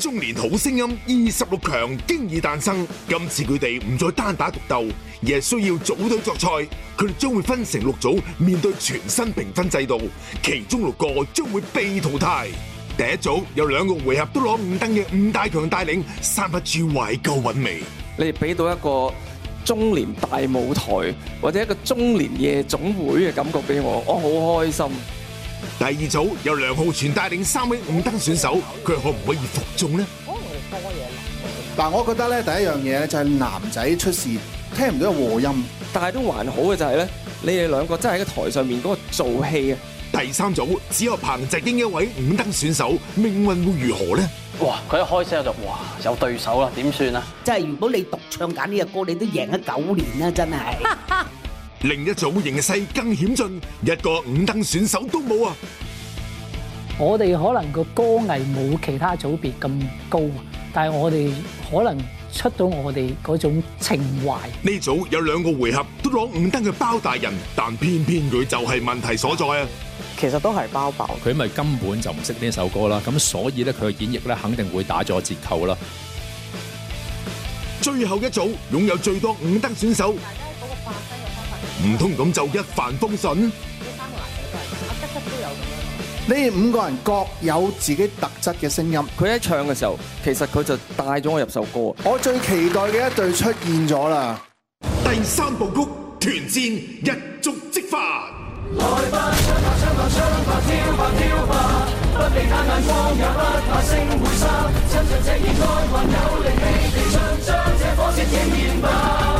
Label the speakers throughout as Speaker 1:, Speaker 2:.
Speaker 1: 中年好聲音二十六強經已誕生，今次佢哋唔再單打獨鬥，而係需要組隊作賽。佢哋將會分成六組，面對全新評分制度，其中六個將會被淘汰。第一組有兩個回合都攞五燈嘅吳大強帶領，三不豬懷舊韻味。
Speaker 2: 你哋俾到一個中年大舞台或者一個中年夜總會嘅感覺俾我，我好開心。第二組由梁浩銓帶領三位五燈選手，佢可唔可以服
Speaker 3: 眾咧？嗱，我，我，我覺得咧，第一樣嘢就係男仔出事，聽唔到有和音，但係都還好嘅就係咧，你哋兩個真係喺台上面嗰個做戲啊！
Speaker 1: 第三組只有彭澤英一位五燈選手，命運會如何咧？哇！佢一開聲就哇有對手啦，點算啊？
Speaker 4: 即係如果你獨唱揀呢個歌，你都贏咗
Speaker 1: 九年啦，真係。 另一組形勢更險峻，一個五燈選手都冇啊！
Speaker 5: 我哋可能個歌藝冇其他組別咁高，但係我哋可能出到我哋嗰種情懷。
Speaker 1: 呢組有兩個回合都攞五燈嘅包大人，但偏偏佢就係問題所在啊！其實都係包爆，佢咪根本就唔識呢首歌啦，咁所以咧佢嘅演繹咧肯定
Speaker 5: 會打咗折扣啦。
Speaker 1: 最後一組擁有最多五燈
Speaker 3: 選手。唔通咁就一帆風順？呢三個都有咁樣，呢五個人各有自己特質嘅聲音。佢喺唱
Speaker 2: 嘅時候，其實佢就帶咗我入首歌。我最期待嘅一隊出現咗啦！
Speaker 1: 第三部曲，團戰一觸即發。來吧，唱吧，唱吧，不避眼光，也不怕聲會沙，
Speaker 6: 趁着這熱愛還有力氣，就將這火舌點燃吧。敵敵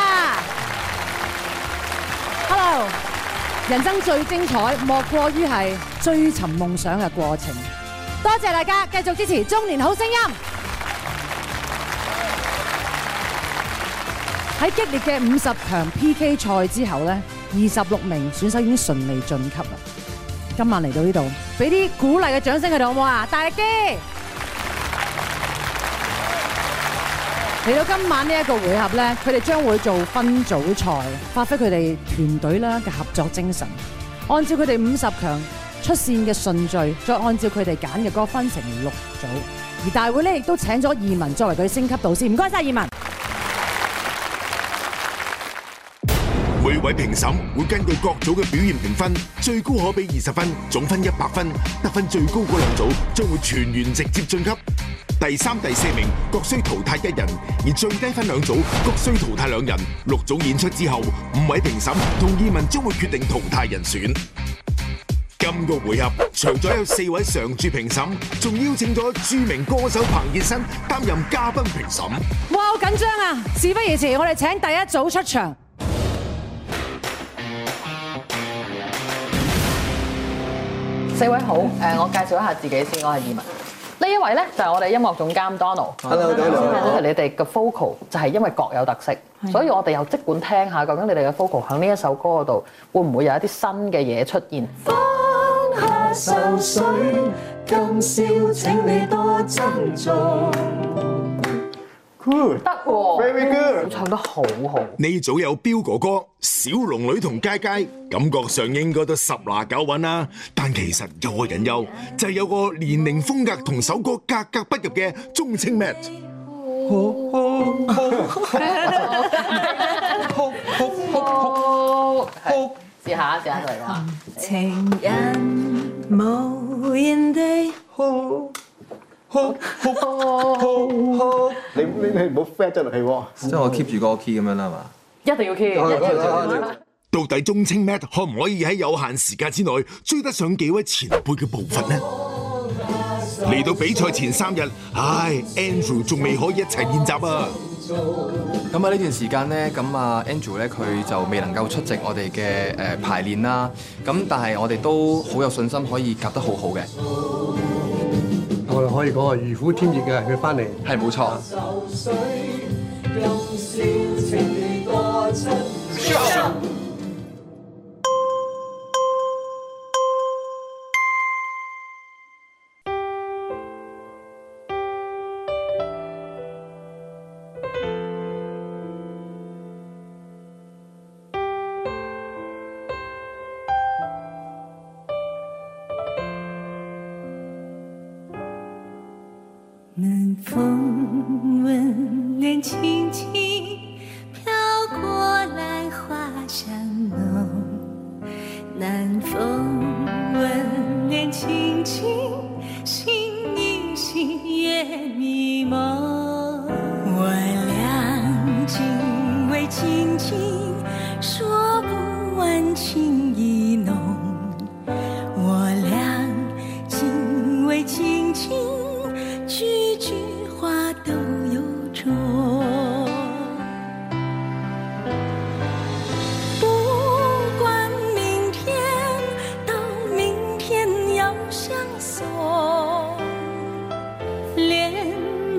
Speaker 7: 人生最精彩莫過於係追尋夢想嘅過程。多謝大家繼續支持《中年好聲音》。喺激烈嘅五十強 PK 賽之後呢，二十六名選手已經順利晉級啦。今晚嚟到呢度，俾啲鼓勵嘅掌聲佢哋好唔好啊？大力啲！嚟到今晚這會呢一個回合咧，佢哋將會做分組賽，發揮佢哋團隊啦嘅合作精神。按照佢哋五十強出線嘅順序，再按照佢哋揀嘅歌分成六組，而大會咧亦都請咗二汶作為佢升級導師，唔該晒二汶。二
Speaker 1: 每位評審會根據各組嘅表現評分，最高可
Speaker 7: 畀20
Speaker 8: 四位好，誒，我介紹一下自己先，我係葉文。呢一位咧就係我哋音樂總監 Donald。Hello，Donald。咁就係你哋嘅 Focal，就係因為各有特色，所以我哋又即管聽下究竟你哋嘅 Focal 喺呢一首歌嗰度會唔會有一啲新嘅嘢出現。放
Speaker 6: 下愁水，今宵請你多珍重。得喎，唱得好好。
Speaker 1: 呢組有彪哥哥、小龍女同佳佳，感覺上應該都十拿九穩啦。但其實有個隱憂就係有個年齡風格同首歌格格不入嘅中青 Matt。哭哭哭哭，試
Speaker 6: 下試
Speaker 3: 下
Speaker 6: 就嚟講。情人無言地哭。呼
Speaker 3: 你你你唔好 fail 咗落去喎！即係我 keep 住個 key 咁樣啦，係嘛？一
Speaker 7: 定要 keep、嗯、
Speaker 1: 到底。中青 Matt 可唔可以喺有限時間之內追得上幾位前輩嘅步伐呢？嚟到比賽前三日，唉、
Speaker 2: 哎、Andrew 仲未可以一齊練習啊！咁啊，呢段時間咧，咁啊，Andrew 咧佢就未能夠出席我哋嘅誒排練啦。咁但係我哋都好有信心可以夾得好好嘅。我哋可以講個如虎添翼嘅，佢返嚟，係冇錯。啊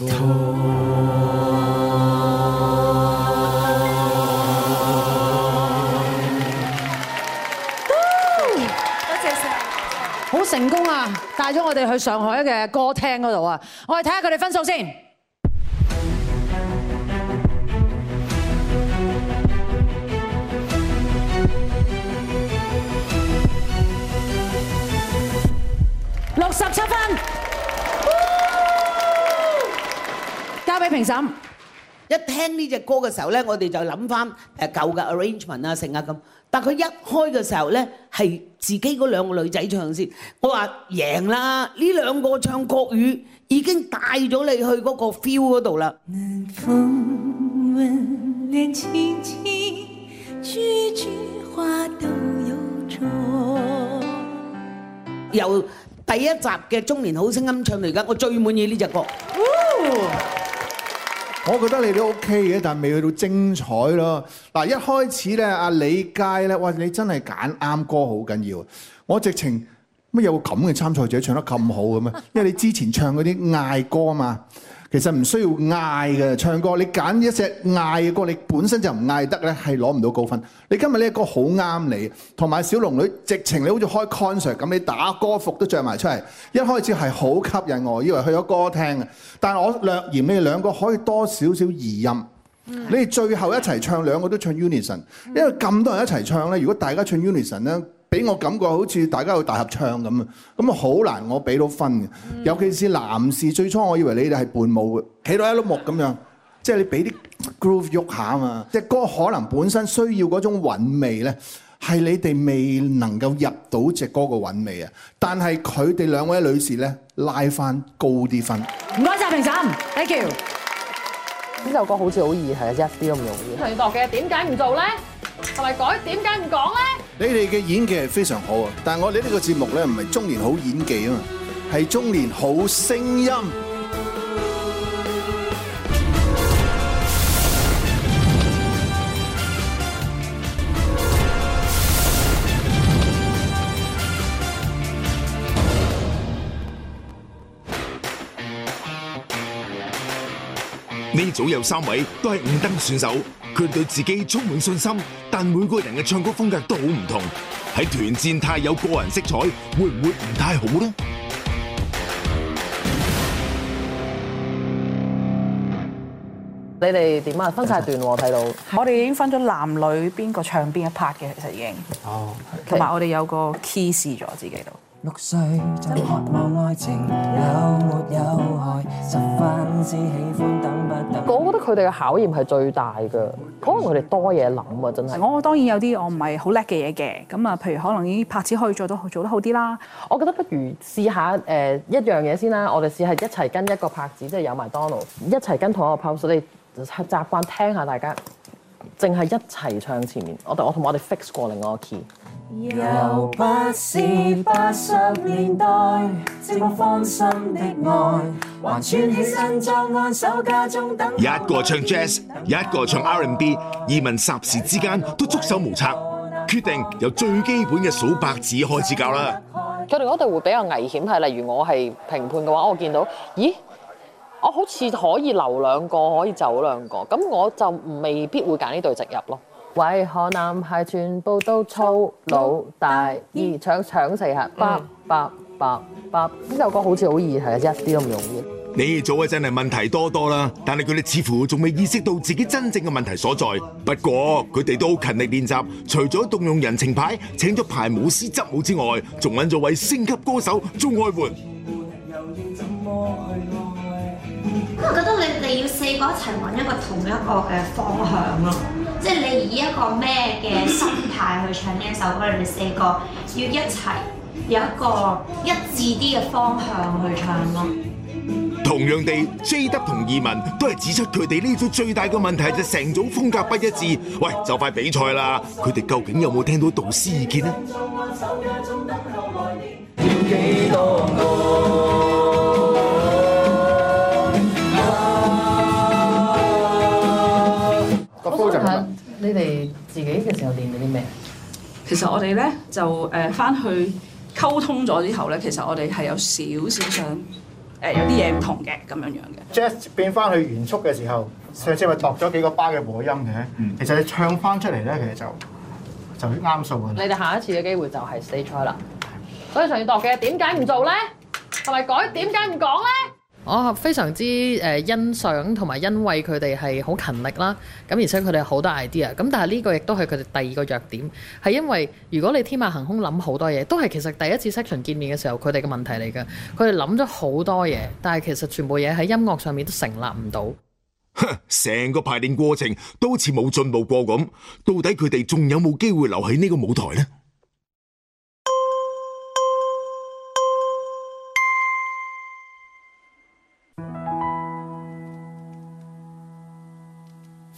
Speaker 3: 多謝晒，
Speaker 7: 好成功啊！帶咗我哋去上海嘅歌廳嗰度啊！我哋睇下佢哋分數先，六十七分。俾評審一聽
Speaker 4: 呢隻歌嘅時候呢，我哋就諗翻誒舊嘅 arrangement 啊，成啊咁。但佢一開嘅時候呢，係自己嗰兩個女仔唱先。我話贏啦！呢兩個唱國語已經帶咗你去嗰個 feel 嗰度啦。南
Speaker 6: 風吻臉輕輕，句句話都有
Speaker 4: 種。由第一集嘅中年好聲音唱到，而家我最滿意呢隻歌。
Speaker 3: 我覺得你都 OK 嘅，但係未去到精彩咯。嗱，一開始咧，阿李佳咧，哇，你真係揀啱歌好緊要。我直情乜有個咁嘅參賽者唱得咁好嘅咩？因為你之前唱嗰啲嗌歌啊嘛。其實唔需要嗌嘅，唱歌你揀一隻嗌嘅歌，你本身就唔嗌得咧，係攞唔到高分。你今日呢個歌好啱你，同埋小龍女直情你好似開 concert 咁，你打歌服都着埋出嚟。一開始係好吸引我，我以為去咗歌廳。但係我略嫌你哋兩個可以多少少異音。你哋最後一齊唱，兩個都唱 unison，因為咁多人一齊唱咧，如果大家唱 unison 咧。俾我感覺好似大家有大合唱咁啊，咁啊好難我俾到分嘅。尤其是男士，最初我以為你哋係伴舞嘅，企到一碌木咁樣，即係你俾啲 groove 喐下啊嘛。隻歌可能本身需要嗰種韻味咧，係你哋未能夠入到隻歌個韻味啊。但係佢哋兩位女士咧拉翻高啲分。
Speaker 7: 唔該曬評
Speaker 3: 審，thank you。呢首歌好似好易，係啊，一啲都唔容易。
Speaker 8: 係學嘅，點解唔做咧？係咪改？點解
Speaker 3: 唔講呢？你哋嘅演技係非常好啊！但我哋呢個節目呢，唔係中年好演技啊，係中年好聲音。
Speaker 1: 呢組有三位都係五燈選手，佢對自己充滿信心，但每個人嘅唱歌風格都好唔同。喺團戰太有個人色彩，會唔會唔太好咧？
Speaker 8: 你哋點啊？分晒段，睇到我哋已經分咗男女邊個唱邊一 part 嘅，其實已經哦，同埋我哋有個 key 試咗自己度。
Speaker 6: 六歲就渴望愛情有沒有，有有十分之喜歡等不等，
Speaker 8: 我覺得佢哋嘅考驗係最大嘅、嗯，可能佢哋多嘢諗啊，真係。我當然有啲我唔係好叻嘅嘢嘅，咁啊，譬如可能啲拍子可以做到做得好啲啦。我覺得不如試下誒、呃、一樣嘢先啦，我哋試下一齊跟一個拍子，即係有麥當勞一齊跟同一個 pose。你習慣聽，聽一下大家，淨係一齊唱前面。我我同我哋 fix 過另外個 key。
Speaker 6: 又
Speaker 1: 不是八十
Speaker 6: 年代，寂寞芳心的愛，還穿
Speaker 1: 起身裝安守家中等。一個唱 jazz，一個唱 R&B，移民霎時之間都束手無策，決定由最基本嘅數白字開始教啦。
Speaker 8: 佢哋嗰對會比較危險，係例如我係評判嘅話，我見到，咦，我好似可以留兩個，可以走兩個，咁我就未必會揀呢對直入咯。喂，河南係全部都粗魯大二搶搶四下，八八八八，呢首歌好似好易係，一啲都唔容
Speaker 1: 易。你組嘅真係問題多多啦，但係佢哋似乎仲未意識到自己真正嘅問題所在。不過佢哋都勤力練習，除咗動用人情牌請咗排舞師執舞之外，仲揾咗位升級歌手鍾愛活。
Speaker 2: 我覺得你你要四個一齊揾一個同一個嘅方向咯，即係你以一個咩嘅心態去唱呢一首歌，你哋四個要一齊有一個一致啲嘅方向去唱
Speaker 1: 咯。同樣地，Jade 同二汶都係指出佢哋呢組最大嘅問題就係成組風格不一致。喂，就快比賽啦！佢哋究竟有冇聽到導師意見啊？
Speaker 8: 練啲咩？其實我哋咧
Speaker 7: 就誒翻去溝通咗之後咧，其實我哋係有少少想
Speaker 8: 誒有啲嘢唔同嘅咁
Speaker 7: 樣樣嘅。
Speaker 9: Jazz 變翻去原速嘅時候，上次咪度咗幾個巴嘅和音嘅、嗯，其實你唱翻出嚟咧，其實就就啱數嘅。
Speaker 8: 你哋下一次嘅機會就係 Stay Try 啦，所以上要度嘅點解唔做咧？係咪改？點解唔講咧？我非常之誒欣賞同埋欣慰佢哋係好勤力啦，咁而且佢哋好多 idea。咁但係呢個亦都係佢哋第二個弱點，係因為如果你天馬行空諗好多嘢，都係其實第一次 section 見面嘅時候佢哋嘅問題嚟嘅。佢哋諗咗好多嘢，但係其實全部嘢喺音樂上面都成立唔到。
Speaker 1: 哼，成個排練過程都似冇進步過咁，到底佢哋仲有冇機會留喺呢個舞台呢？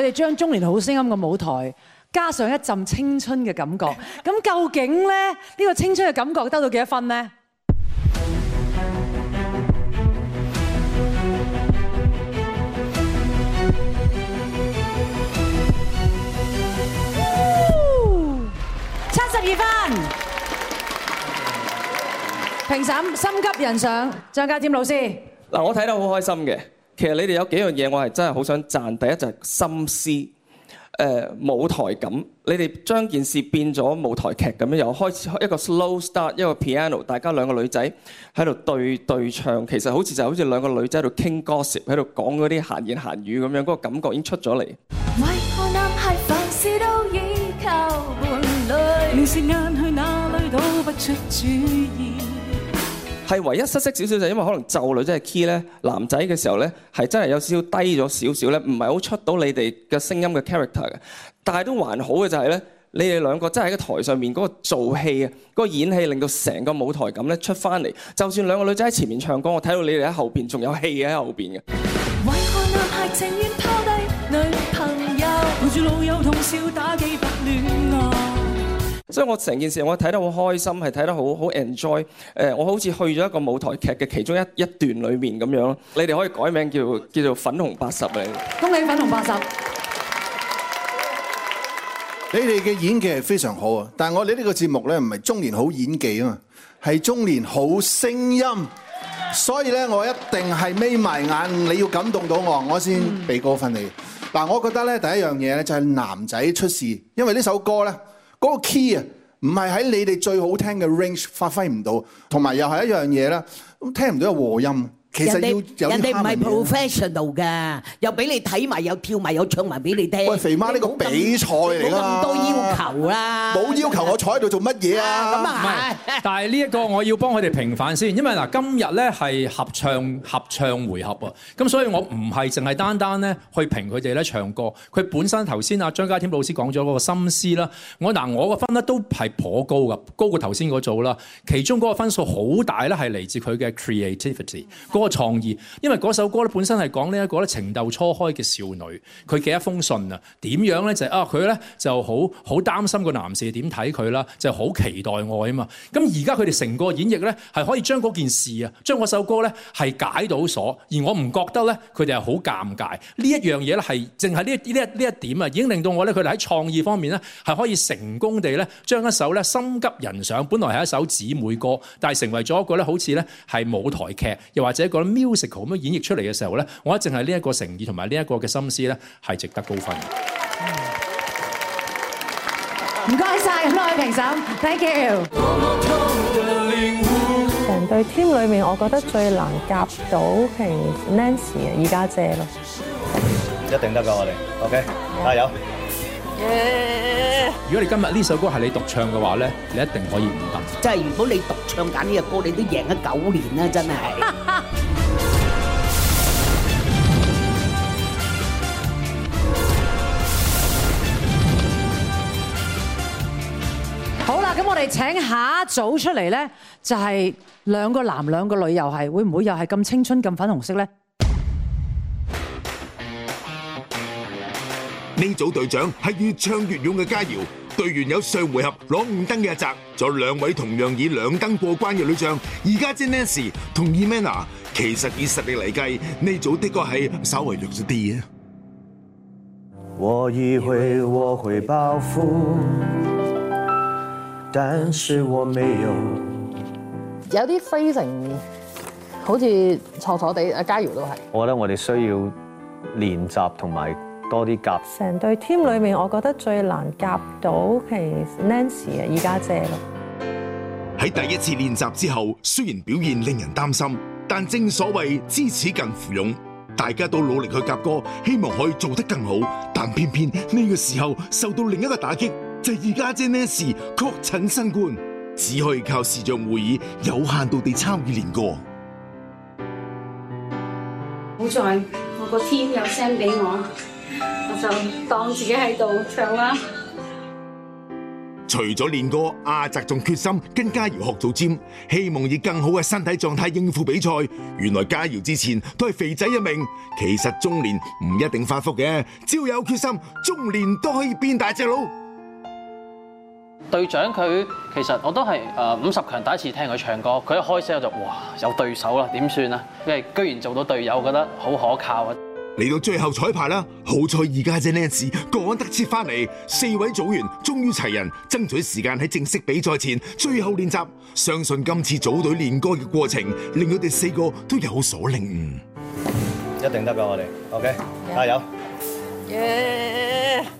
Speaker 7: 佢哋將中年好聲音嘅舞台加上一陣青春嘅感覺，咁究竟咧呢個青春嘅感覺得到幾多分咧？七十二分。評審心急人上張家添老師，
Speaker 2: 嗱，我睇得好開心嘅。其實你哋有幾樣嘢，我係真係好想讚。第一就係、是、心思，誒、呃、舞台感。你哋將件事變咗舞台劇咁樣，又開始一個 slow start，一個 piano，大家兩個女仔喺度對對唱。其實好似就好似兩個女仔喺度傾 gossip，喺度講嗰啲閒言閒語咁樣，嗰、那個感覺已經出咗嚟。
Speaker 6: 為何男孩凡事都依靠伴侶，明時暗去哪裏都不出主意。
Speaker 2: 係唯一失色少少就係因為可能就女仔係 key 咧，男仔嘅時候咧係真係有少少低咗少少咧，唔係好出到你哋嘅聲音嘅 character 嘅。但係都還好嘅就係咧，你哋兩個真係喺個台上面嗰個做戲啊，嗰個演戲令到成個舞台感咧出翻嚟。就算兩個女仔喺前面唱歌，我睇到你哋喺後邊仲有戲喺後邊
Speaker 6: 嘅。為
Speaker 2: 所以我成件事我睇得好開心，係睇得好好 enjoy。誒，我好似去咗一個舞台劇嘅其中一一段裏面咁樣咯。你哋可以改名叫叫做粉紅八十嚟。
Speaker 7: 恭喜粉紅八十！
Speaker 3: 你哋嘅演技係非常好啊，但係我哋呢個節目咧唔係中年好演技啊嘛，係中年好聲音。所以咧，我一定係眯埋眼，你要感動到我，我先俾個分你。嗱，我覺得咧第一樣嘢咧就係男仔出事，因為呢首歌咧。嗰、那個 key 唔係喺你哋最好聽嘅 range 發揮唔到，同埋又係一樣嘢啦，咁聽唔到有和音。其實要有的人哋唔係
Speaker 4: professional 㗎，又俾你睇埋，又跳埋，又唱埋俾你聽。喂，肥媽呢個比賽嚟㗎，冇咁多要求啊，冇要求，
Speaker 3: 我坐喺度做乜嘢啊，啊？咁啊，啊係
Speaker 5: 但係呢一個我要幫佢哋評反先，因為嗱，今日咧係合唱合唱回合喎，咁所以我唔係淨係單單咧去評佢哋咧唱歌。佢本身頭先阿張家添老師講咗嗰個心思啦，我嗱，我個分咧都係頗高㗎，高過頭先嗰組啦。其中嗰個分數好大咧，係嚟自佢嘅 creativity，嗯。多、嗰個、創意，因為嗰首歌咧本身係講呢一個咧情竇初開嘅少女，佢嘅一封信、就係、啊，點樣咧就啊佢咧就好好擔心個男士點睇佢啦，就好期待愛啊嘛。咁而家佢哋成個演繹咧係可以將嗰件事啊，將嗰首歌咧係解到鎖，而我唔覺得咧佢哋係好尷尬。呢呢一樣嘢咧係淨係呢呢呢一點啊，已經令到我咧佢哋喺創意方面咧係可以成功地咧將一首咧心急人上，本來係一首姊妹歌，但係成為咗一個咧好似咧係舞台劇，又或者。個 musical 咁樣演繹出嚟嘅時候咧，我淨係呢一個誠意同埋呢一個嘅心思咧，係值得高分嘅。唔
Speaker 7: 該晒，咁多位評審，thank you。成對 team 裏面，我覺得最難夾到評 Nancy 嘅，依家姐咯，
Speaker 5: 一定得噶，我哋，ok，加油。如果你今日呢首歌係你獨唱嘅話咧，你一定可以五萬。
Speaker 4: 即係如果你獨唱緊呢個歌，你都贏咗九年啦，真係。
Speaker 7: 好啦，咁我哋請下一組出嚟咧，就係兩個男兩個女又係，會唔會又係咁青春咁粉紅色咧？
Speaker 2: 呢
Speaker 1: 組隊長係越唱越勇嘅佳瑤，隊員有上回合攞五燈嘅一澤，仲有兩位同樣以兩燈過關嘅女將。而家 Jenesis 同 Emma，其實以實力嚟計，呢組的確係稍微弱咗啲嘅。我
Speaker 6: 以為我會報復，但是我
Speaker 2: 沒有。
Speaker 8: 有啲非常，好似錯錯地，阿佳瑤都係。
Speaker 2: 我覺得我哋需要練習同埋。多啲夾
Speaker 8: 成隊 team 裏面，我覺得最難夾到係 Nancy 啊，二家姐咯。
Speaker 1: 喺第一次練習之後，雖然表現令人擔心，但正所謂知恥近乎勇，大家都努力去夾歌，希望可以做得更好。但偏偏呢個時候受到另一個打擊，就係二家姐 Nancy 確診新冠，只可以靠視像會議有限度地參與練歌。好在我個
Speaker 4: team 有 send 俾我。我
Speaker 6: 就當自己
Speaker 1: 喺度唱啦。除咗練歌，阿澤仲決心跟家堯學做 gym，希望以更好嘅身體狀態應付比賽。原來家堯之前都係肥仔一名，其實中年唔一定發福嘅，只要有決心，中年都可以變大隻佬隊他。隊長佢其實我都係誒
Speaker 5: 五十強第一次聽佢唱歌，佢一開聲我就哇有對手啦，點算啊？因為居然
Speaker 1: 做到隊友，覺得好可靠啊！嚟到最後彩排啦，好彩二家姐呢一次趕得切翻嚟，四位組員終於齊人，爭取時間喺正式比賽前最後練習。相信今次組隊練歌嘅過程，令佢哋四個都有所領悟。
Speaker 6: 一定得㗎，我哋 OK，、yeah. 加油！耶、yeah.！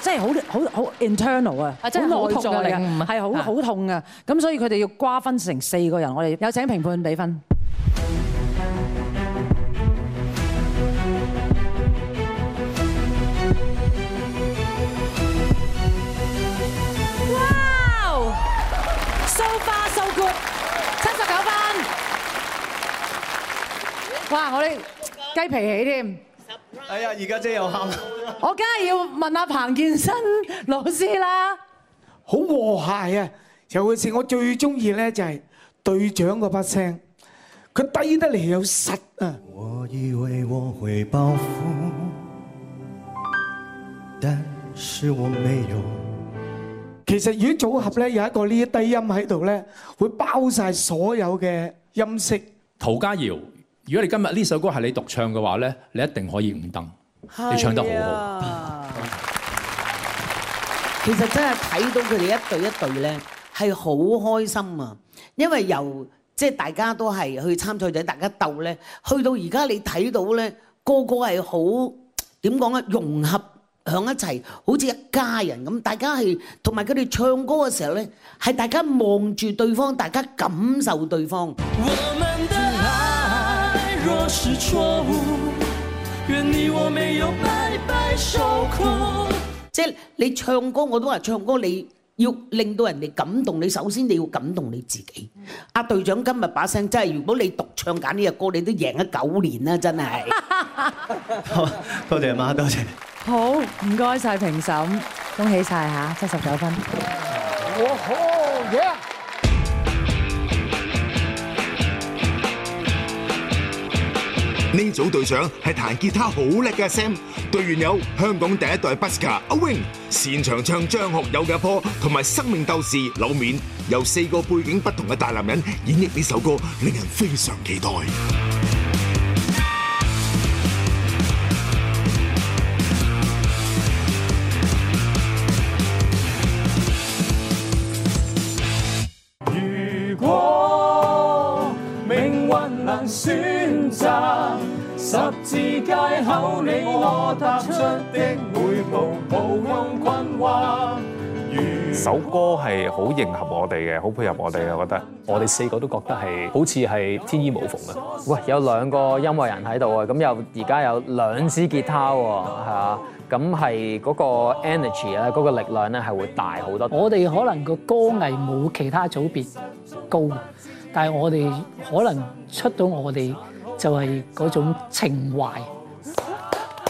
Speaker 7: 即係好好好 internal 啊，好內在嘅，係好好痛嘅，咁所以佢哋要瓜分成四個人，我哋有請評判畀分。哇，so far so good，七十九分。哇，我哋雞皮起添。
Speaker 6: 哎呀，而家真係又喊。
Speaker 7: 我梗係要問阿彭健新老師啦，
Speaker 9: 好和諧啊！尤其是我最中意咧，就係隊長嗰把聲，佢低得嚟
Speaker 6: 又實啊！
Speaker 5: 其實
Speaker 9: 如果組合咧有一個呢啲低音喺度咧，會包曬所有
Speaker 5: 嘅音色。涂家堯，如果你今日呢首歌係你獨唱嘅話咧，你一定可以五燈。你唱
Speaker 4: 得
Speaker 5: 好好，其實
Speaker 4: 真係睇到佢哋一對一對咧，係好開心啊！因為由即係大家都係去參賽者，大家鬥咧，去到而家你睇到咧，個個係好點講啊？融合響一齊，好似一家人咁，大家係同埋佢哋唱歌嘅時候咧，係大家望住對方，大家感受對方。
Speaker 6: 願你我沒有白白受苦。
Speaker 4: 即係你唱歌，我都話唱歌，你要令到人哋感動，你首先你要感動你自己。阿隊長今日把聲真係，如果你獨唱緊呢個歌，你都贏咗九年啦，真係。
Speaker 6: 多謝阿媽，多謝。
Speaker 7: 好，唔該晒評審，恭喜晒吓，七十九分。
Speaker 1: 呢組隊長係彈吉他好叻嘅 Sam，隊員有香港第一代 busker 阿 wing，擅長唱張學友嘅歌，同埋生命鬥士柳冕，由四個背景不同嘅大男人演繹呢首歌，令人非常期待。
Speaker 6: 如果命運能選。十字街口，你我
Speaker 5: 踏出的每步。首歌係好迎合我哋嘅，好配合我哋啊！覺得我哋四個都覺得係好似係天衣無縫啊！喂，有兩個音樂人喺度嘅，咁又而家有兩支吉他喎，係嘛？咁係嗰個 energy 咧，嗰個力量咧係會大好多。我哋可能個歌藝冇其他組別高，但係我哋可能出到我哋。就係嗰種情懷。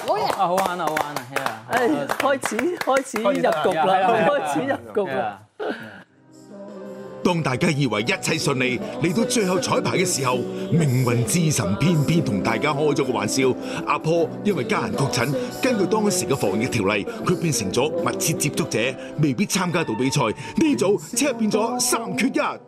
Speaker 6: 好呀！啊好玩啊玩啊！哎，開始開始入局啦！開始入局啦！
Speaker 1: 當大家以為一切順利，嚟到最後彩排嘅時候，命運之神偏偏同大家開咗個玩笑。阿婆因為家人確診，根據當時嘅防疫條例，佢變成咗密切接觸者，未必參加到比賽。呢組即係變咗三缺一。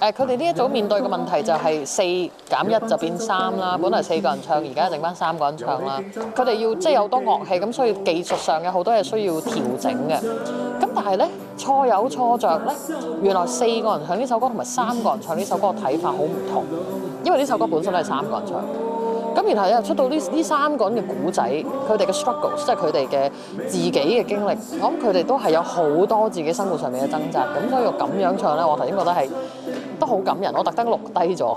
Speaker 8: 誒，佢哋呢一組面對嘅問題就係四減一就變三啦，本來四個人唱，而家剩翻三個人唱啦。佢哋要即係、就是、有多樂器，咁所以技術上有好多嘢需要調整嘅。咁但係呢，錯有錯着呢，原來四個人唱呢首歌同埋三個人唱呢首歌嘅睇法好唔同，因為呢首歌本身都係三個人唱。咁然後又出到呢呢三個人嘅故仔，佢哋嘅 struggles，即係佢哋嘅自己嘅經歷，我諗佢哋都係有好多自己生活上面嘅掙扎。咁所以咁樣唱咧，我頭先覺得係都好感人，我特登錄
Speaker 1: 低咗。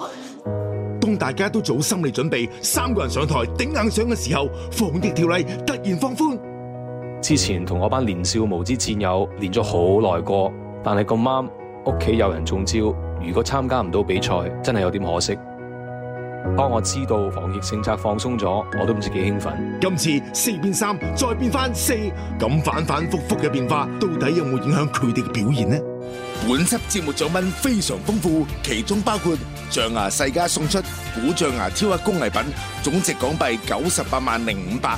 Speaker 1: 當大家都做好心理準備，三個人上台頂硬上嘅時候，防疫條例突然放寬。之前同我班年少無知戰友練
Speaker 5: 咗好耐歌，但係咁啱屋企有人中招，如果參加唔到比賽，
Speaker 1: 真係有啲可惜。當我知道防疫政策放鬆咗，我都唔知幾興奮。今次四變三，再變翻四，咁反反复覆嘅變化，到底有冇影響佢哋嘅表現呢？本輯節目獎品非常豐富，其中包括象牙世家送出古象牙雕刻工藝品，總值港幣九十八萬零五百。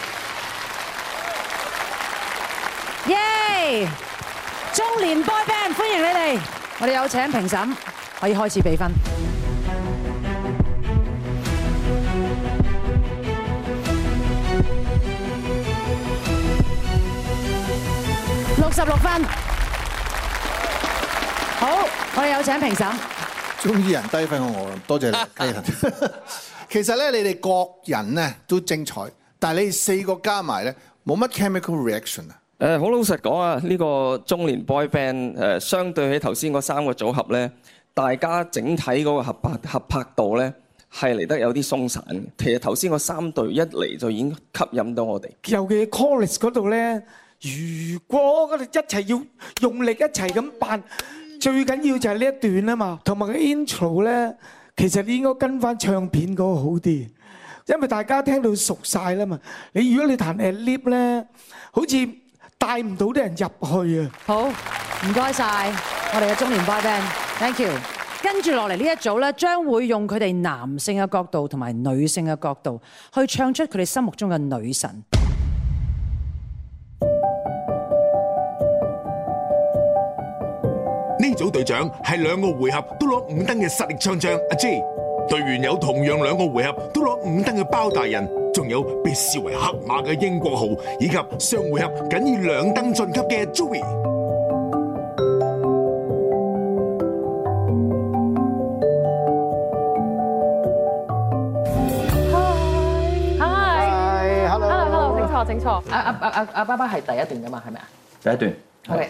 Speaker 7: 中年 boy band，歡迎你哋。我哋有請評審，可以開始俾分。六十六分。好，我哋有請評審。
Speaker 3: 中意人低分我，多謝你。 其實咧，你哋各人呢都精彩，但係你哋四個加埋咧，冇乜 chemical reaction 啊。
Speaker 2: 誒、嗯、好老實講啊，呢、呢個中年 boy band 誒，相對起頭先嗰三個組合咧，大家整體嗰個合拍合拍度咧係嚟得有啲鬆散嘅。其實頭先嗰三對一嚟就已經吸引到我哋，
Speaker 9: 尤其係 chorus 嗰度咧，如果我哋一齊要用力一齊咁扮，最緊要就係呢一段啊嘛。同埋個 intro 咧，其實你應該跟翻唱片嗰個好啲，因為大家聽到熟晒啦嘛。你如果你彈 at live 咧，好似～帶唔
Speaker 7: 到啲人入去啊！好，唔該晒我哋嘅中年 boy band，thank you。跟住落嚟呢一組咧，將會用佢哋男性嘅角度同埋女性嘅角度，去唱出佢哋心目中嘅女神。
Speaker 1: 呢組隊長係兩個回合都攞五燈嘅實力唱將阿 J，隊員有同樣兩個回合都攞五燈嘅包大人。仲有被視為黑馬嘅英國號，以及雙回合僅以兩燈進級嘅 Joey。Hi，
Speaker 6: Hi，Hello，Hello，
Speaker 8: Hello，請坐，請坐。阿阿阿阿爸爸係第一段嘅嘛，係咪啊？
Speaker 1: 第一段
Speaker 6: ，OK。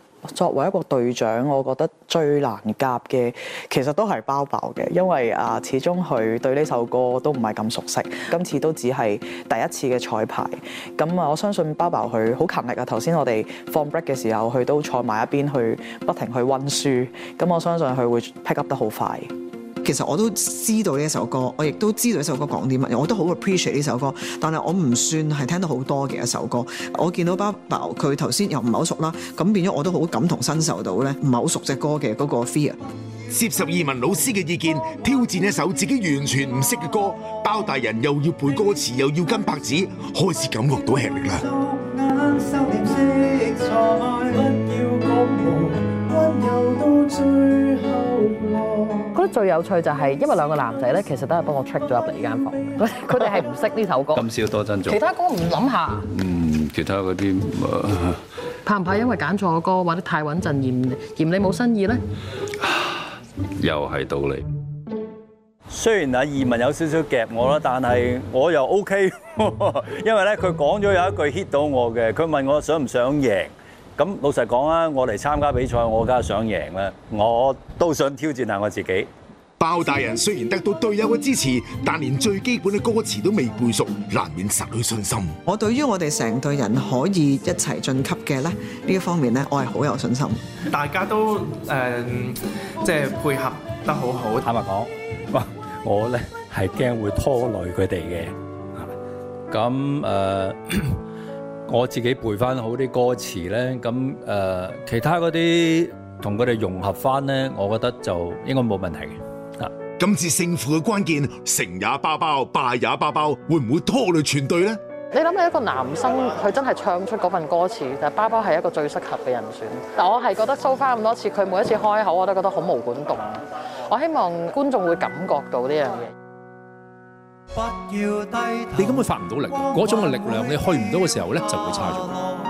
Speaker 2: 作為一個隊長，我覺得最難夾嘅其實都係包包嘅，因為啊，始終佢對呢首歌都唔係咁熟悉，今次都只係第一次嘅彩排。咁啊，我相信包包佢好勤力啊！頭先我哋放 break 嘅時候，佢都坐埋一邊去，不停去温書。咁我相信佢會 pick up 得好快。其實我都知道呢一首歌，我亦都知道呢首歌講啲乜嘢。我都好 appreciate 呢首歌。但係我唔算係聽到好多嘅一首歌。我見到包伯佢頭先又唔係好熟啦，咁變咗我都好感同身受到咧，唔係好熟隻歌嘅嗰個 Fear。
Speaker 1: 接受移文老師嘅意見，挑戰一首自己完全唔識嘅歌，包大人又要背歌詞，又要跟拍子，開始感覺到吃力啦。
Speaker 6: 又到最後，
Speaker 8: 我覺得最有趣就係，因為兩個男仔咧，其實都係幫我 check 咗入嚟呢間房，佢哋係唔識呢首歌。今宵多珍重。其他歌唔諗下。嗯，
Speaker 5: 其他嗰啲。
Speaker 8: 怕唔怕因為揀錯歌，或者太穩陣，嫌嫌你冇新意咧？
Speaker 5: 又係道理。雖然阿二汶有少少夾我啦，但係我又 OK，因為咧佢講咗有一句 hit 到我嘅，佢問我想唔想贏。咁老實講啊，我嚟參加比賽，我梗係想贏啦，我都想
Speaker 1: 挑戰下我自己。包大人雖然得到隊友嘅支持，但連最基本嘅歌詞都未背熟，難免
Speaker 2: 失去信心。我對於我哋成隊人可以一齊進級嘅咧，呢一方面咧，我係好有信心。
Speaker 1: 大家都誒、即係
Speaker 5: 配合得好好。坦白講，哇，我咧係驚會拖累佢哋嘅吓。咁誒。我自己背翻好啲歌詞咧，咁誒、呃、其他嗰啲同佢哋融合翻咧，我覺得
Speaker 1: 就應該冇問題嘅。啊，今次勝負嘅關鍵，成也包包，敗也包包，會唔會拖累全隊咧？
Speaker 8: 你諗下一個男生，佢真係唱出嗰份歌詞，就包包係一個最適合嘅人選。但我係覺得收翻咁多次，佢每一次開口我都覺得好無管動。我希望觀眾會感覺到呢樣嘢。
Speaker 5: 你根本發唔到力，嗰種嘅力量你去唔到嘅時候咧，就會差咗。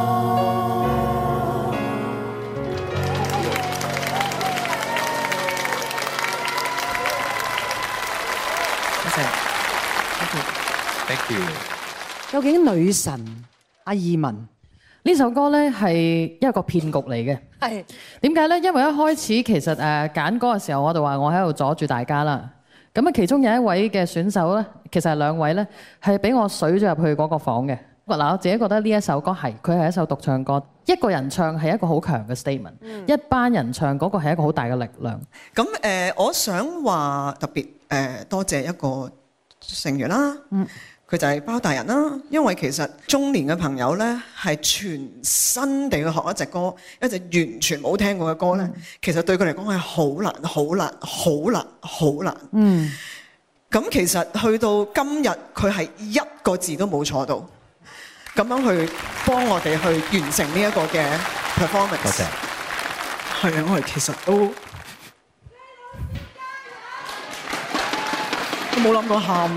Speaker 6: 嗯、究
Speaker 8: 竟女神阿二汶呢首歌呢係一個騙局嚟嘅？係點解呢？因為一開始其實誒揀、啊、歌嘅時候，我就話我喺度阻住大家啦。咁啊，其中有一位嘅選手呢，其實係兩位呢，係俾我水咗入去嗰個房嘅嗱。我自己覺得呢一首歌係，佢係一首獨唱歌，一個人唱係一個好強嘅 statement、嗯。一班人唱嗰個係一個好大嘅力量。
Speaker 2: 咁誒、呃，我想話特別誒、呃、多謝一個成員啦。嗯佢就係包大人啦，因為其實中年嘅朋友呢，係全新地去學一隻歌，一隻完全冇聽過嘅歌呢。嗯。其實對佢嚟講係好難、好難、好難、好難。嗯。咁其實去到今日，佢係一個字都冇錯到，咁樣去幫我哋去完成呢一個嘅 performance。多謝。係啊，我哋其實都冇諗到喊！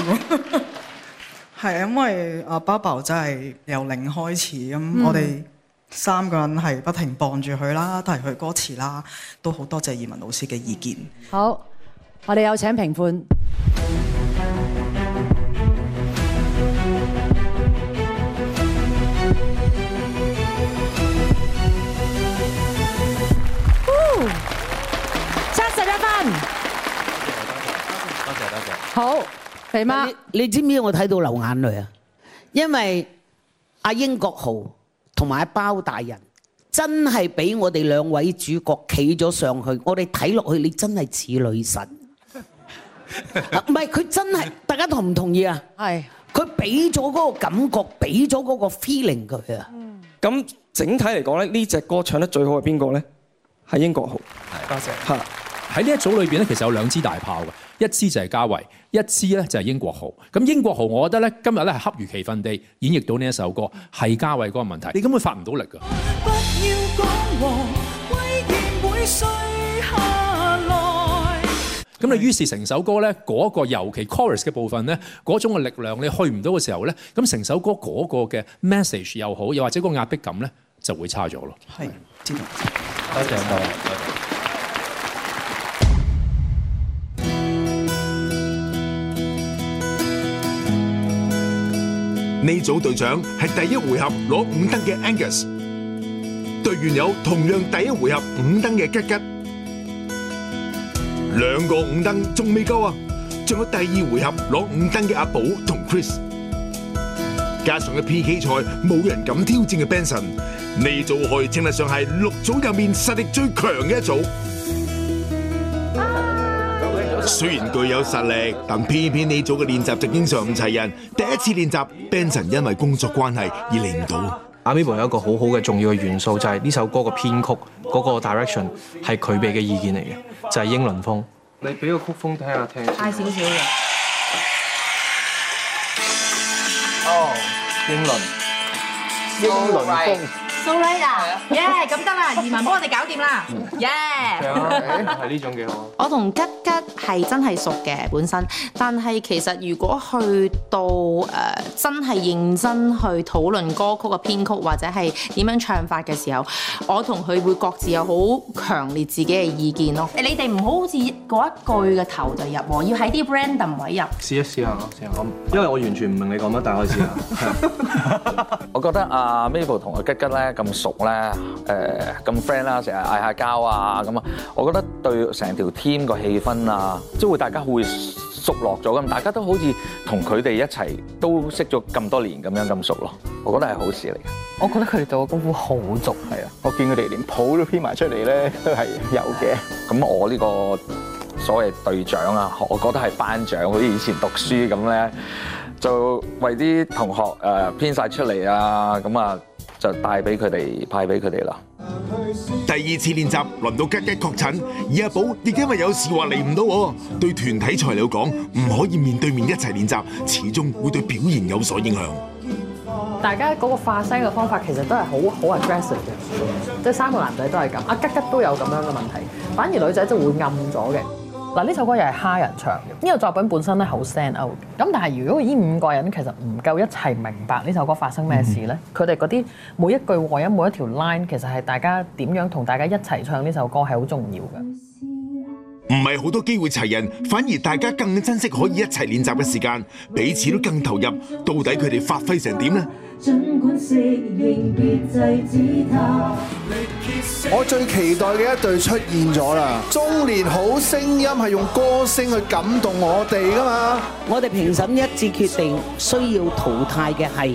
Speaker 2: 係啊，因為阿鮑真係由零開始，咁我哋三個人係不停幫住佢啦，提佢歌詞啦，都好多謝二汶老師嘅意見。好，
Speaker 7: 我哋有請評判。哦，七十一分。
Speaker 3: 多謝大家，多謝大家。
Speaker 4: 好。係嘛？你知唔知我睇到流眼淚啊？因為阿英國豪同埋阿包大人真係俾我哋兩位主角企咗上去，我哋睇落去你真係似女神。唔 係，佢真係，大家同唔同意啊？係。佢俾咗嗰個感覺，
Speaker 2: 俾咗嗰個 feeling 佢啊。咁、嗯、整體嚟講咧，呢隻歌唱得最好係邊個咧？係英國豪。係，多謝。吓，喺呢一組裏邊咧，其實有兩支大炮嘅，一
Speaker 5: 支就係鉫偉。一支咧就係英國號，咁英國號我覺得咧今日咧係恰如其分地演繹到呢一首歌，係嘉偉嗰個問題，你根本發唔到力㗎。
Speaker 6: 不要講王威廉會衰下嚟。
Speaker 5: 咁你於是成首歌咧嗰個尤其 chorus 嘅部分咧，嗰種嘅力量你去唔到嘅時候咧，咁成首歌嗰個嘅 message 又好，又或者個壓迫感咧就會差咗咯。係，知道。多謝你。多謝多謝。
Speaker 1: 呢組隊長係第一回合攞五燈嘅 Angus，隊員有同樣第一回合五燈嘅吉吉，兩個五燈仲未夠啊！仲有第二回合攞五燈嘅阿寶同 Chris，加上嘅 PK 賽冇人敢挑戰嘅 Benson，呢組可以稱得上係六組入面實力最強嘅一組。雖然具有實力，但偏偏你組嘅練習就經常唔齊人。第一次練習 ，Benson 因為工作關係而嚟唔到。阿 Mab 有一個好好嘅重要嘅元素，就係、是、呢首歌嘅編曲
Speaker 5: 嗰、
Speaker 2: 那個 direction 係佢俾嘅意見嚟嘅，就係、是、英倫風。你俾個曲風聽下聽，聽。太閃閃啦！
Speaker 6: 哦、oh.，英倫
Speaker 9: ，oh. 英倫風。
Speaker 2: So right，咁得啦，移民幫我哋搞掂啦耶。 e、yeah.
Speaker 9: 呢、啊、種幾好。
Speaker 4: 我同吉吉係真係熟嘅本身，但係其實如果去到誒、呃、真係認真去討論歌曲嘅編曲或者係點樣唱法嘅時候，我同佢會各自
Speaker 6: 有好
Speaker 2: 強烈自己嘅意見咯。誒， 你哋唔好好似嗰一句嘅頭就入喎，要喺啲 random 位入。試一試一下咯，試下，因為我完全唔明你講乜，但係我試下。 我覺得阿、uh, Mabel 同阿吉吉咧。咁熟咧，誒咁 friend 啦，成日嗌下交啊咁啊，我覺得對成條 team 個氣氛啊，即係會大家會熟落咗咁，大家都好似同佢哋一齊都識咗咁多年咁樣咁熟咯，我覺得係好事嚟嘅。
Speaker 8: 我覺得佢哋對我功夫好足，係啊，
Speaker 2: 我見佢哋連譜都編埋出嚟咧，都係有嘅。咁我呢個所謂隊長啊，我覺得係班長，好似以前讀書咁咧，就為啲同學誒編晒出嚟啊，咁啊～就帶俾佢哋派俾佢哋啦。
Speaker 1: 第二次練習輪到吉吉確診，而阿寶亦因為有事話嚟唔到，對團體材料講唔可以面對面一齊練習，始終會對表現有所影響。
Speaker 8: 大家嗰個發聲嘅方法其實都係好好 aggressive 嘅，即係、就是、三個男仔都係咁，阿吉吉都有咁樣嘅問題，反而女仔就會暗咗嘅。嗱，呢首歌又係蝦人唱嘅，呢、這個作品本身咧好 stand out 嘅。咁但係如果呢五個人其實唔夠一齊明白呢首歌發生咩事咧，佢哋嗰啲每一句話音、每一條 line，其實係大家點樣同大家一齊唱呢首歌係好重要嘅。
Speaker 1: 唔係好多機會齊人，反而大家更珍惜可以一齊練習嘅時間，彼此都更投入。到底佢哋發揮成點呢？
Speaker 3: 我最期待嘅一對出現咗啦！中年好聲音係用歌聲去感動我哋㗎嘛？我哋評審一致決定，需要淘汰嘅係。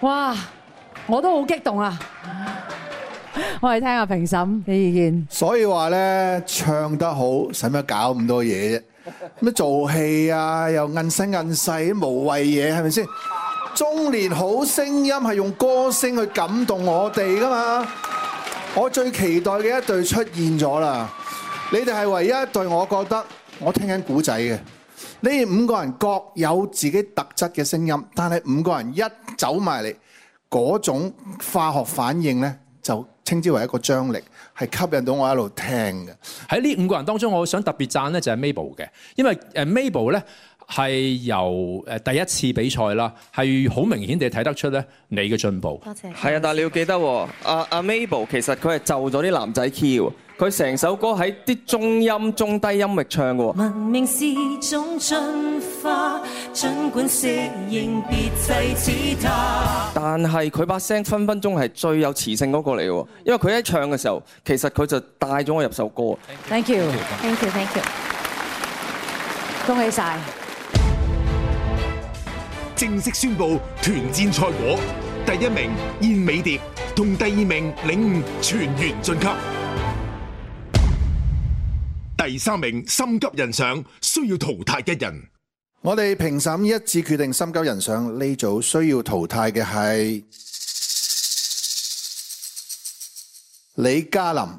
Speaker 7: 哇！我都好激動啊！
Speaker 3: 我哋聽下評審嘅意見。所以話呢，唱得好使乜搞咁多嘢啫？乜做戲啊，又韌聲韌勢啲無謂嘢係咪先？中年好聲音係用歌聲去感動我哋噶嘛？我最期待嘅一隊出現咗啦！你哋係唯一一隊，我覺得我聽緊古仔嘅。呢五個人各有自己特質嘅聲音，但係五個人一走埋嚟嗰種化學反應咧，就稱之為一個張力，係吸引到我一路聽嘅。
Speaker 5: 喺呢五個人當中，我想特別讚咧就係 Mabel 嘅，因為 Mabel 咧係由第一次比賽啦，係好明顯地睇得出咧
Speaker 2: 你嘅進步。多謝。係啊，但係你要記得，阿阿、啊、Mabel 其實佢係就咗啲男仔 key。佢成首歌喺啲中音、中低音域唱嘅
Speaker 6: 喎，
Speaker 2: 但係佢把聲分分鐘係最有磁性嗰個嚟嘅喎，因為佢一唱嘅時候，其實佢就帶咗我入首歌。
Speaker 7: Thank you，Thank you，Thank you. You. You. you，恭喜晒！
Speaker 2: 正式宣布團戰賽果，
Speaker 1: 第一名燕尾蝶，同第二名領悟全員晉級。第三名心急人上，需要淘汰一人。
Speaker 3: 我哋評審一致決定心急人上呢組需要淘汰嘅係李泇霖。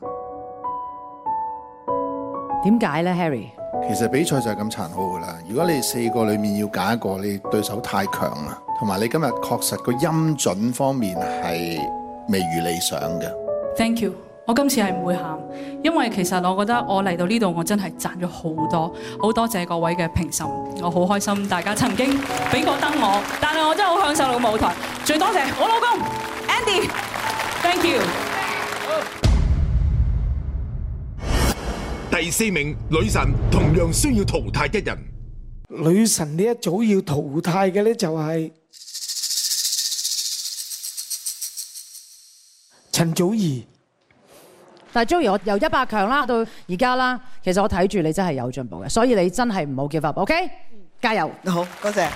Speaker 3: 點解呢，Harry？其實比賽就係咁殘酷噶啦。如果你四個裏面要揀一個，你對手太強啦，同埋你今日確實個音準方面係未如理想嘅。
Speaker 2: Thank you。我今次係唔會喊，因為其實我覺得我嚟到呢度，我真係賺咗好多，好多謝各位嘅
Speaker 7: 評審，我好開心。大家曾經俾過燈我，但係我真係好享受老舞台。最多謝我老公 Andy，Thank you。
Speaker 1: 第四名女神同樣需要淘汰一人，
Speaker 9: 女神呢一組要淘汰嘅呢，就係陳早怡。
Speaker 7: 但係 Joey，我由一百強啦到而家啦，其實我睇住你真係有進步嘅，所以你真係唔好 give up，OK？加油！好，多謝。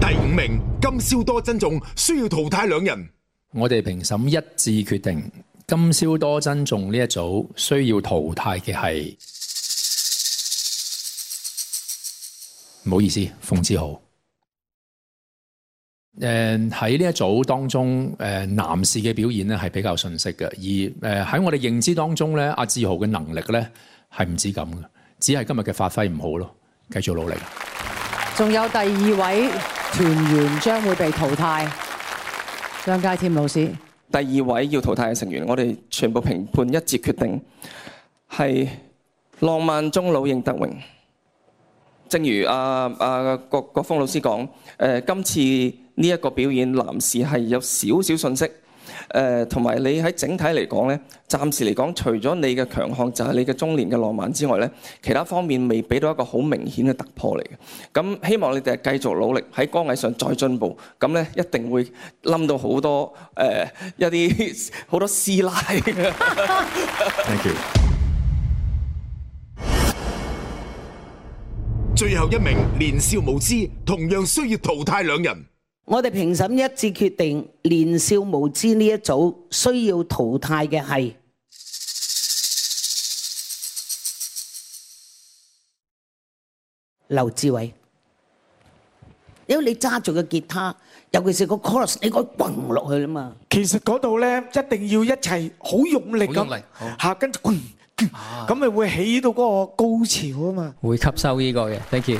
Speaker 1: 第五名今宵多珍重，
Speaker 5: 需要淘汰兩人。我哋評審一致決定，今宵多珍重呢一組需要淘汰嘅係，唔好意思，馮志豪。誒喺呢一組當中，誒男士嘅表現咧係比較遜色嘅，而誒喺我哋認知當中咧，阿志豪嘅能力咧係唔止咁嘅，只係今日嘅發揮唔好咯，
Speaker 2: 繼續努力。
Speaker 7: 仲有第二位
Speaker 5: 團員將
Speaker 7: 會被淘汰，
Speaker 2: 張佳添老師。第二位要淘汰嘅成員，我哋全部評判一致決定係浪漫中老應德榮。正如阿阿郭郭峰老師講，誒、啊、今次。呢一個表演，男士係有少少信息，誒，同埋你喺整體嚟講咧，暫時嚟講，除咗你嘅強項就係你嘅中年嘅浪漫之外咧，其他方面未俾到一個好明顯嘅突破嚟嘅。咁希望你哋繼續努力喺歌藝上再進步，咁呢，一定會冧到好多誒一啲好 多師奶。Thank you。
Speaker 1: 最後一名年少無知，同樣需要淘汰兩人。
Speaker 4: 我哋評審一致決定，年少無知呢一組需要淘汰嘅係劉智衛，因為你揸住個吉他，尤其是個 chorus，你該滾落去啦嘛。
Speaker 9: 其實嗰度咧，一定要一齊好用力
Speaker 6: 咁，嚟，
Speaker 9: 吓跟住滾，咁咪會起到嗰個高潮啊嘛。
Speaker 6: 會吸收呢個嘅
Speaker 5: ，thank you，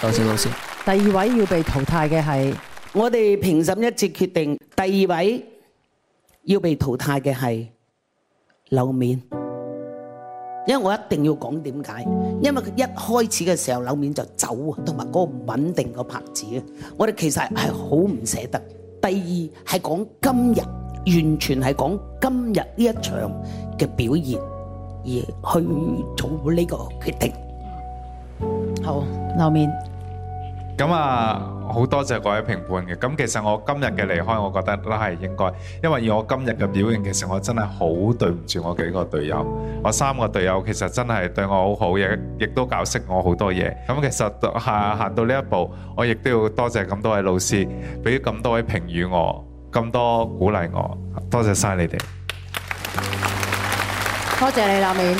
Speaker 5: 多謝老師。
Speaker 9: 第二位要被淘汰嘅係。我哋評審一致
Speaker 4: 決定，第二位要被淘汰嘅係柳冕，因為我一定要講點解，因為佢一開始嘅時候柳冕就走啊，同埋嗰個唔穩定個拍子啊，我哋其實係好唔捨得。第二係講今日，完全係講今日呢一場嘅表現而去做呢個決定。好，
Speaker 7: 柳冕。
Speaker 5: 咁啊，好多謝各位評判嘅。咁其實我今日嘅離開，我覺得都係應該，因為以我今日嘅表現，其實我真係好對唔住我幾個隊友。我三個隊友其實真係對我好好，亦亦都教識我好多嘢。咁其實行行到呢一步，我亦都要多謝咁多位老師，俾咁多位評語我，咁多鼓勵我。多謝晒你哋，
Speaker 7: 多謝你立面，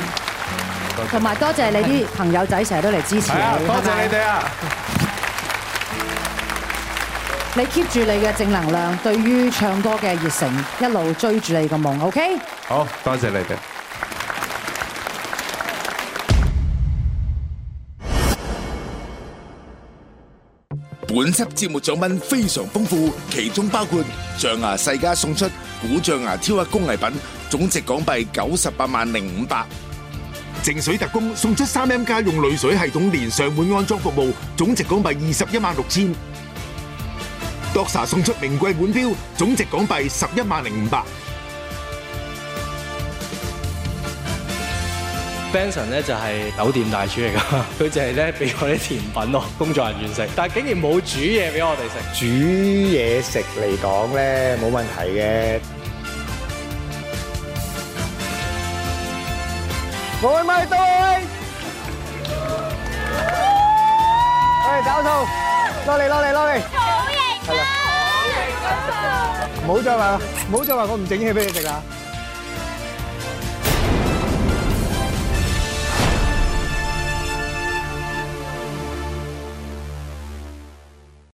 Speaker 6: 同埋
Speaker 7: 多謝你啲朋友仔成日都嚟支持。多謝你哋啊！你 keep 住你嘅正能量，對於唱歌嘅熱誠，一路追住你個夢，OK？
Speaker 5: 好，多謝你哋。
Speaker 1: 本輯節目獎品非常豐富，其中包括象牙世家送出古象牙雕刻工藝品，總值港幣九十八萬零五百；淨水特工送出三 M 家用濾水系統連上門安裝服務，總值港幣二十一萬六千。Doxa 送出名貴腕錶，總值港幣十一萬零五百。
Speaker 5: Benson 咧就係酒店大廚嚟噶，佢就係咧俾我啲甜品咯，工作人員食，但係竟然冇煮嘢俾我哋食。煮嘢食嚟講咧冇問題嘅。
Speaker 9: 我係咪對？嚟倒數，落嚟落嚟落嚟。唔好再話，唔好再話，我唔整嘢俾你食啦。